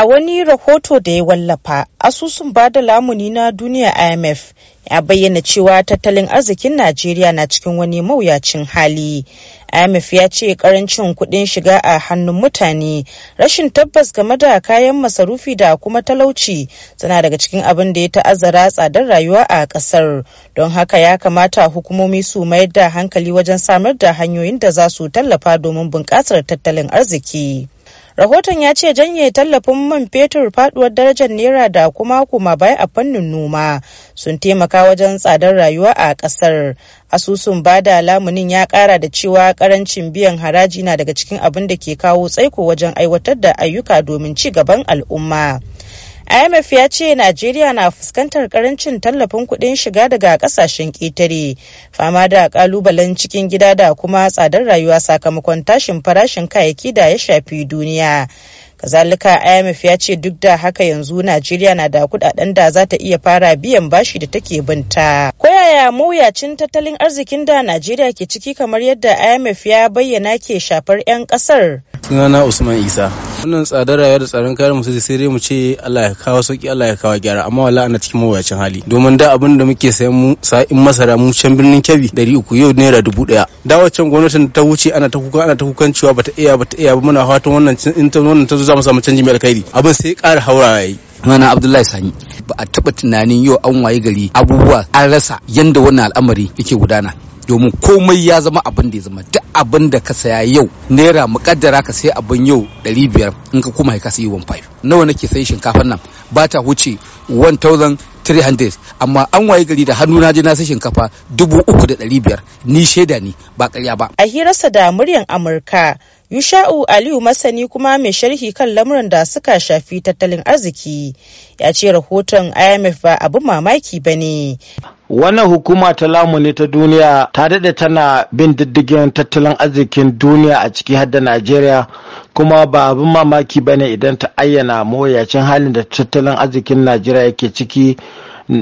A wani rahoto da ya wallafa, asusun bada lamuni na duniya IMF ya bayyana cewa tattalin arzikin Najeriya na cikin wani mawuyacin hali. IMF ya ce karancin kuɗin shiga a hannun mutane, rashin tabbas game da kayan masarufi da kuma talauci suna daga cikin abin da ya ta'azzara tsadar rayuwa a ƙasar. Don haka ya kamata hukumomi su mayar da hankali wajen samar da hanyoyin da za su tallafa domin bunƙasar tattalin arziki. Rahoton ya ce janye tallafin man fetur faduwar darajar naira da kuma kuma bai a fannin noma sun taimaka wajen tsadar rayuwa a kasar. Asusun bada lamunin ya kara da cewa karancin biyan haraji na daga cikin abin da ke kawo tsaiko wajen aiwatar da ayyuka domin ci gaban al'umma. IMF ya ce Najeriya na fuskantar karancin tallafin kudin shiga daga kasashen ƙetare, fama da kalubalen cikin gida da kuma tsadar rayuwa sakamakon tashin farashin kayayyaki da ya shafi duniya. kazalika imf ya ce duk da haka yanzu najeriya na da kudaden da za ta iya fara biyan bashi da take binta koyaya mawuyacin tattalin arzikin da najeriya ke ciki kamar yadda imf ya bayyana ke shafar 'yan kasar sunana usman isa wannan tsadar rayuwa da tsaron kayan musu sai dai mu ce allah ya kawo sauki allah ya kawo gyara amma wala ana cikin mawuyacin hali domin da abin da muke sayan mu sa'in masara mu can birnin kebbi dari uku yau naira dubu daya da waccan gwamnatin ta wuce ana ta kuka ana ta kukan cewa bata iya bata iya ba muna fatan wannan in ta wannan ta zo za mu samu canji mai alkhairi abin sai ƙara haura yayi nana abdullahi sani ba a taɓa tunanin yau an waye gari abubuwa an rasa yadda wannan al'amari yake gudana domin komai ya zama abin da ya zama duk abin da ka saya yau naira mukaddara ka sai abin yau 500 in ka kuma ka sayi 15 nawa nake sayi shinkafar nan ba ta huce 1300 amma an waye gari da hannu na je na sai shinkafa 3500 ni shaida ne ba karya ba a hirarsa da muryan amurka Yusha'u Aliyu masani kuma mai sharhi kan lamuran da suka shafi tattalin arziki ya ce rahoton IMF ba abin mamaki ba ne. wannan hukuma ta lamuni ta duniya ta daɗe tana bin diddigin tattalin arzikin duniya a ciki har da najeriya kuma ba abin mamaki bane idan ta ayyana mawuyacin halin da tattalin arzikin najeriya yake ciki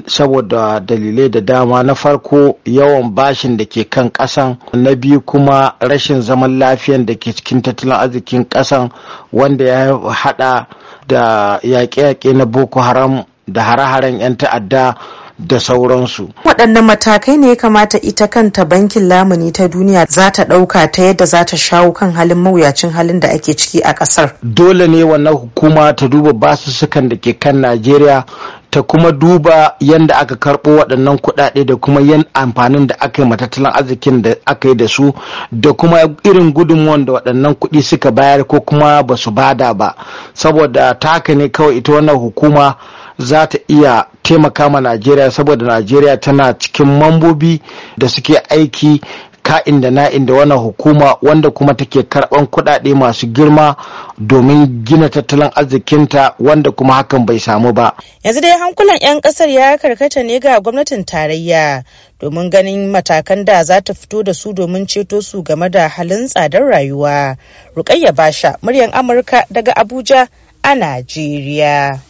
saboda dalilai da dama na farko yawan bashin da ke kan kasan na biyu kuma rashin zaman lafiyan da ke cikin tattalin arzikin kasan wanda ya hada da yaƙe-yaƙe na boko haram da hare-haren 'yan ta'adda da sauransu waɗannan matakai ne ya kamata ita kanta bankin lamuni ta duniya za ta ɗauka ta yadda za ta shawo kan halin mawuyacin halin da ake ciki a ƙasar dole ne wannan hukuma ta duba basussukan da ke kan najeriya ta kuma duba yadda aka karɓo waɗannan kuɗaɗe da kuma yan amfanin da aka yi matattalin arzikin da aka yi da su da kuma irin gudunmuwan da waɗannan kuɗi suka bayar ko kuma ba su bada ba saboda ta ne kawai ita wannan hukuma za ta iya taimaka ma najeriya saboda najeriya tana cikin mambobi da suke aiki ka'in da na'in da wannan hukuma wanda kuma take karɓan kuɗaɗe masu girma domin gina tattalin arzikinta wanda kuma hakan bai samu ba. Yanzu dai hankulan 'yan ƙasar ya karkata ne ga gwamnatin tarayya domin ganin matakan da za ta fito da su domin ceto su game da halin tsadar rayuwa. Rukayya Basha, muryar Amurka daga Abuja a Najeriya.